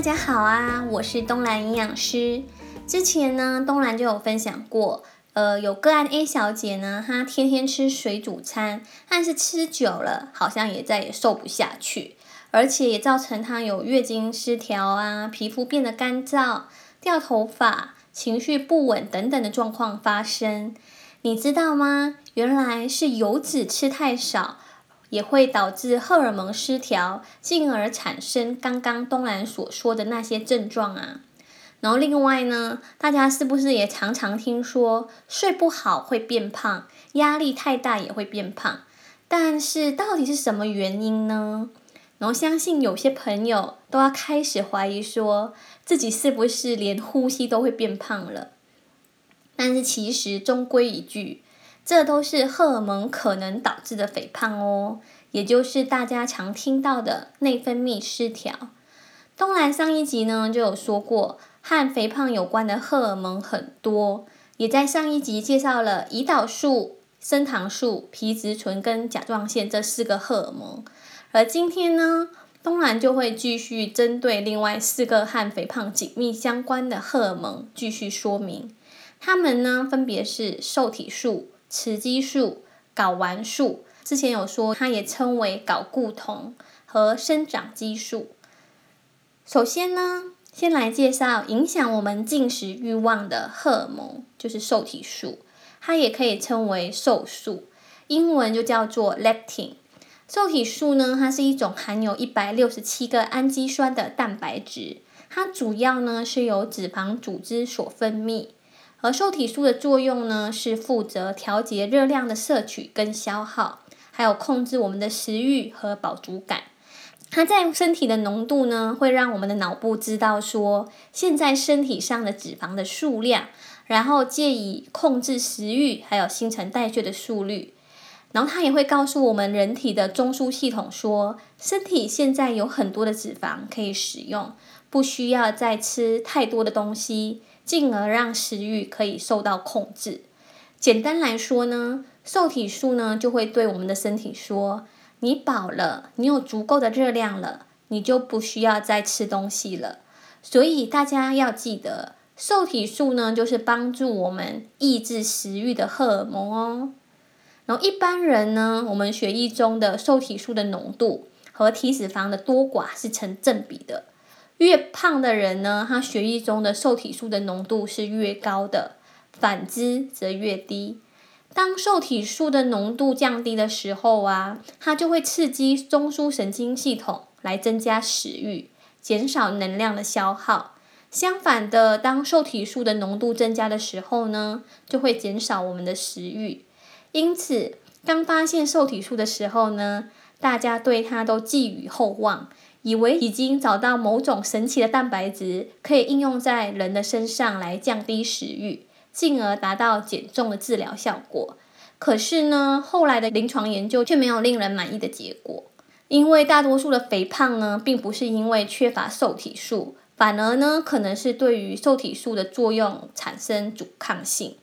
大家好啊，我是東蘭營養師。之前呢，東蘭就有分享過，呃，有個案 A 小姐呢，她天天吃水煮餐，但是吃久了，好像也再也瘦不下去，而且也造成她有月經失調啊、皮膚變得乾燥、掉頭髮、情緒不穩等等的狀況發生。你知道嗎？原來是油脂吃太少。也會導致荷爾蒙失調，進而產生剛剛東蘭所說的那些症狀啊。然後另外呢，大家是不是也常常聽說睡不好會變胖，壓力太大也會變胖？但是到底是什麼原因呢？然後相信有些朋友都要開始懷疑說自己是不是連呼吸都會變胖了。但是其實終歸一句，這都是荷爾蒙可能導致的肥胖哦，也就是大家常聽到的內分泌失調。東蘭上一集呢就有說過，和肥胖有關的荷爾蒙很多，也在上一集介紹了胰島素、升糖素、皮質醇跟甲狀腺這四個荷爾蒙。而今天呢，東蘭就會繼續針對另外四個和肥胖緊密相關的荷爾蒙繼續說明，它們呢分別是瘦體素。雌激素、睾丸素，之前有說它也稱為睾固酮和生長激素。首先呢，先來介紹影響我們進食欲望的荷爾蒙，就是瘦體素，它也可以稱為瘦素，英文就叫做 leptin。瘦體素呢，它是一種含有一百六十七個氨基酸的蛋白質，它主要呢是由脂肪組織所分泌。而瘦體素的作用呢，是負責調節熱量的攝取跟消耗，還有控制我們的食欲和飽足感。它在身體的濃度呢，會讓我們的腦部知道說，現在身體上的脂肪的數量，然後借以控制食欲，還有新陳代謝的速率。然後它也會告訴我們人體的中樞系統說，身體現在有很多的脂肪可以使用，不需要再吃太多的東西。進而讓食欲可以受到控制。簡單來說呢，瘦體素呢就會對我們的身體說：“你飽了，你有足夠的熱量了，你就不需要再吃東西了。”所以大家要記得，瘦體素呢就是幫助我們抑制食欲的荷爾蒙哦。然後一般人呢，我們血液中的瘦體素的濃度和體脂肪的多寡是成正比的。越胖的人呢，他血液中的瘦體素的濃度是越高的，反之則越低。當瘦體素的濃度降低的時候啊，它就會刺激中樞神經系統來增加食欲，減少能量的消耗。相反的，當瘦體素的濃度增加的時候呢，就會減少我們的食欲。因此，當發現瘦體素的時候呢。大家對它都寄予厚望，以為已經找到某種神奇的蛋白質，可以應用在人的身上來降低食慾，進而達到減重的治療效果。可是呢，後來的臨床研究卻沒有令人滿意的結果，因為大多數的肥胖呢，並不是因為缺乏瘦體素，反而呢，可能是對於瘦體素的作用產生阻抗性。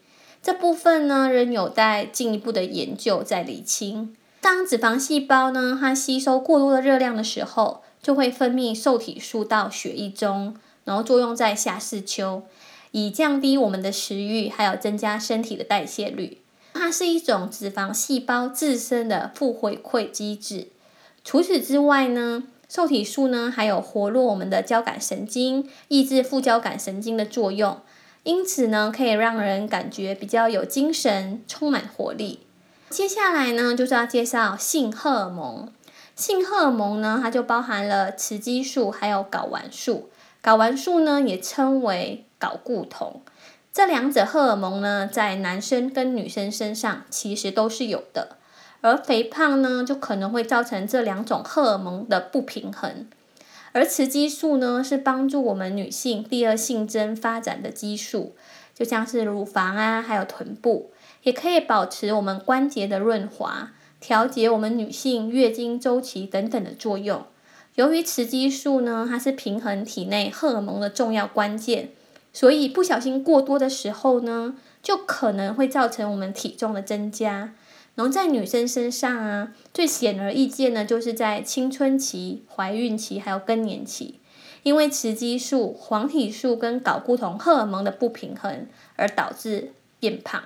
這部分呢，仍有待進一步的研究再釐清。當脂肪細胞呢，它吸收過多的熱量的時候，就會分泌瘦體素到血液中，然後作用在下視丘，以降低我們的食慾，還有增加身體的代謝率。它是一種脂肪細胞自身的負回饋機制。除此之外呢，瘦體素呢，還有活絡我們的交感神經，抑制副交感神經的作用，因此呢，可以讓人感覺比較有精神，充滿活力。接下來呢，就是要介紹性荷爾蒙。性荷爾蒙呢，它就包含了雌激素還有睾丸素。睾丸素呢，也稱為睾固酮。這兩者荷爾蒙呢，在男生跟女生身上其實都是有的。而肥胖呢，就可能會造成這兩種荷爾蒙的不平衡。而雌激素呢，是幫助我們女性第二性徵發展的激素，就像是乳房啊，還有臀部，也可以保持我們關節的潤滑，調節我們女性月經周期等等的作用。由於雌激素呢，它是平衡體內荷爾蒙的重要關鍵，所以不小心過多的時候呢，就可能會造成我們體重的增加。然後在女生身上啊，最顯而易見的就是在青春期、懷孕期還有更年期。因為雌激素、黃體素跟睾固酮荷爾蒙的不平衡而導致變胖。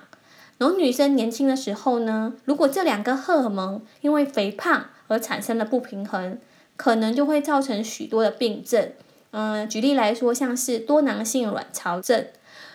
然後女生年輕的時候呢，如果這兩個荷爾蒙因為肥胖而產生了不平衡，可能就會造成許多的病症。嗯，舉例來說，像是多囊性卵巢症。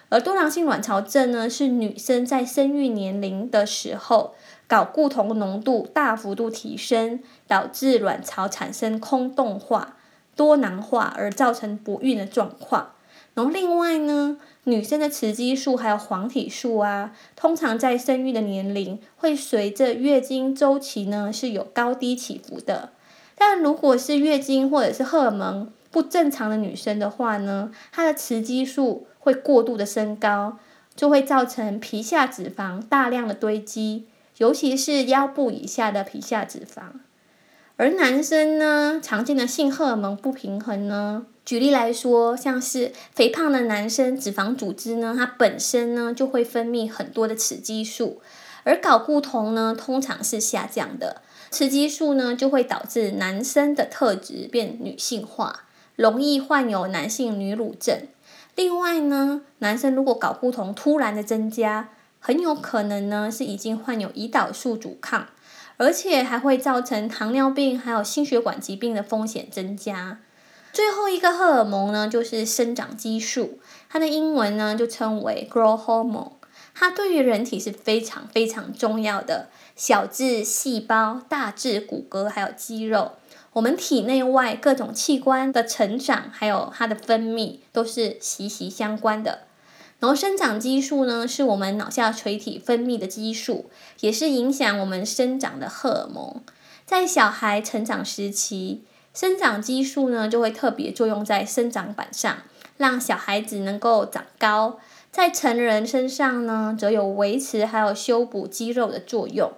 而多囊性卵巢症呢，是女生在生育年齡的時候，睾固酮濃度大幅度提升，導致卵巢產生空洞化。多囊化而造成不孕的狀況，然後另外呢，女生的雌激素還有黃體素啊，通常在生育的年齡會隨着月經周期呢是有高低起伏的，但如果是月經或者是荷爾蒙不正常的女生的話呢，她的雌激素會過度的升高，就會造成皮下脂肪大量的堆積，尤其是腰部以下的皮下脂肪。而男生呢，常見的性荷爾蒙不平衡呢，舉例來說，像是肥胖的男生，脂肪組織呢，它本身呢就會分泌很多的雌激素，而睾固酮呢通常是下降的，雌激素呢就會導致男生的特質變女性化，容易患有男性女乳症。另外呢，男生如果睾固酮突然的增加，很有可能呢是已經患有胰島素阻抗。而且還會造成糖尿病，還有心血管疾病的風險增加。最後一個荷爾蒙呢，就是生長激素，它的英文呢就稱為 growth hormone。它對於人體是非常非常重要的，小至細胞，大至骨骼還有肌肉，我們體內外各種器官的成長，還有它的分泌，都是息息相關的。然後生長激素呢，是我們腦下垂體分泌的激素，也是影響我們生長的荷爾蒙。在小孩成長時期，生長激素呢就會特別作用在生長板上，讓小孩子能夠長高。在成人身上呢，則有維持還有修補肌肉的作用。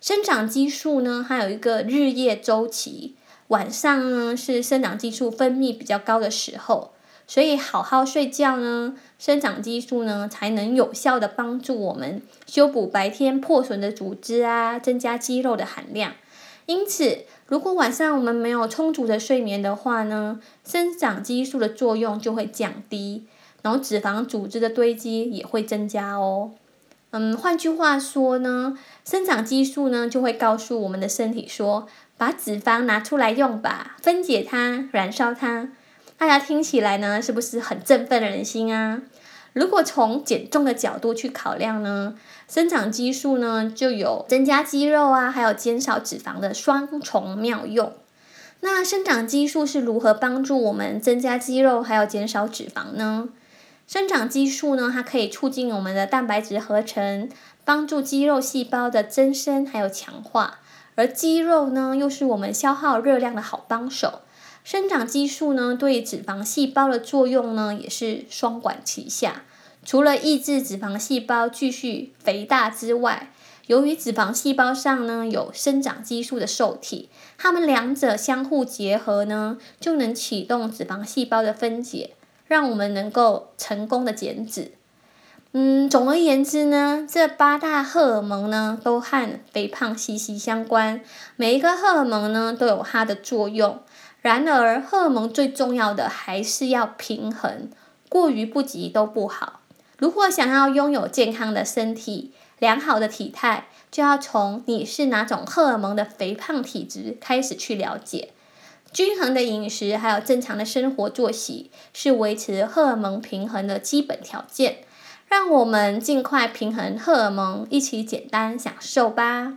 生長激素呢，還有一個日夜週期，晚上呢是生長激素分泌比較高的時候。所以好好睡覺呢，生長激素呢才能有效地幫助我們修補白天破損的組織啊，增加肌肉的含量。因此，如果晚上我們沒有充足的睡眠的話呢，生長激素的作用就會降低，然後脂肪組織的堆積也會增加哦。嗯，換句話說呢，生長激素呢就會告訴我們的身體說，把脂肪拿出來用吧，分解它，燃燒它。大家聽起來呢，是不是很振奮人心啊？如果從減重的角度去考量呢，生長激素呢就有增加肌肉啊，還有減少脂肪的雙重妙用。那生長激素是如何幫助我們增加肌肉，還有減少脂肪呢？生長激素呢，它可以促進我們的蛋白質合成，幫助肌肉細胞的增生還有強化，而肌肉呢，又是我們消耗熱量的好幫手。生長激素呢，對脂肪細胞的作用呢，也是雙管齊下。除了抑制脂肪細胞繼續肥大之外，由於脂肪細胞上呢有生長激素的受體，它們兩者相互結合呢，就能啟動脂肪細胞的分解，讓我們能夠成功的減脂。嗯，總而言之呢，這八大荷爾蒙呢，都和肥胖息息相關。每一個荷爾蒙呢，都有它的作用。然而，荷爾蒙最重要的還是要平衡，過於不及過與不及都不好。如果想要擁有健康的身體、良好的體態，就要從你是哪種荷爾蒙的肥胖體質開始去了解。均衡的飲食，還有正常的生活作息，是維持荷爾蒙平衡的基本條件。讓我們儘快平衡荷爾蒙，一起簡單享受吧。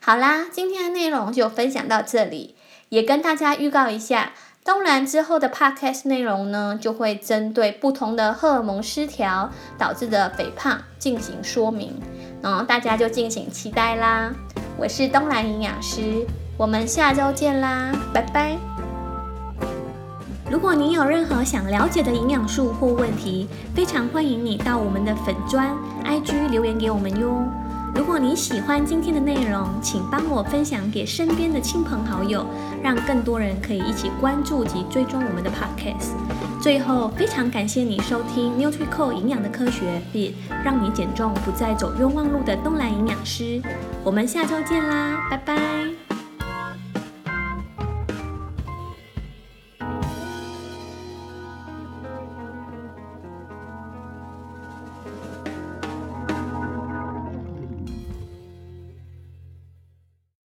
好啦，今天的內容就分享到這裡。也跟大家預告一下，東蘭之後的 podcast 內容呢，就會針對不同的荷爾蒙失調導致的肥胖進行說明，然後大家就敬請期待啦。我是東蘭營養師，我們下週見啦，拜拜。如果你有任何想了解的營養素或問題，非常歡迎你到我們的粉專 IG 留言給我們喲。如果你喜歡今天的內容，請幫我分享給身邊的親朋好友，讓更多人可以一起關注及追蹤我們的 podcast。最後，非常感謝你收聽 NutriCore 營養的科學，並讓你減重不再走冤枉路的東蘭營養師。我們下週見啦，拜拜。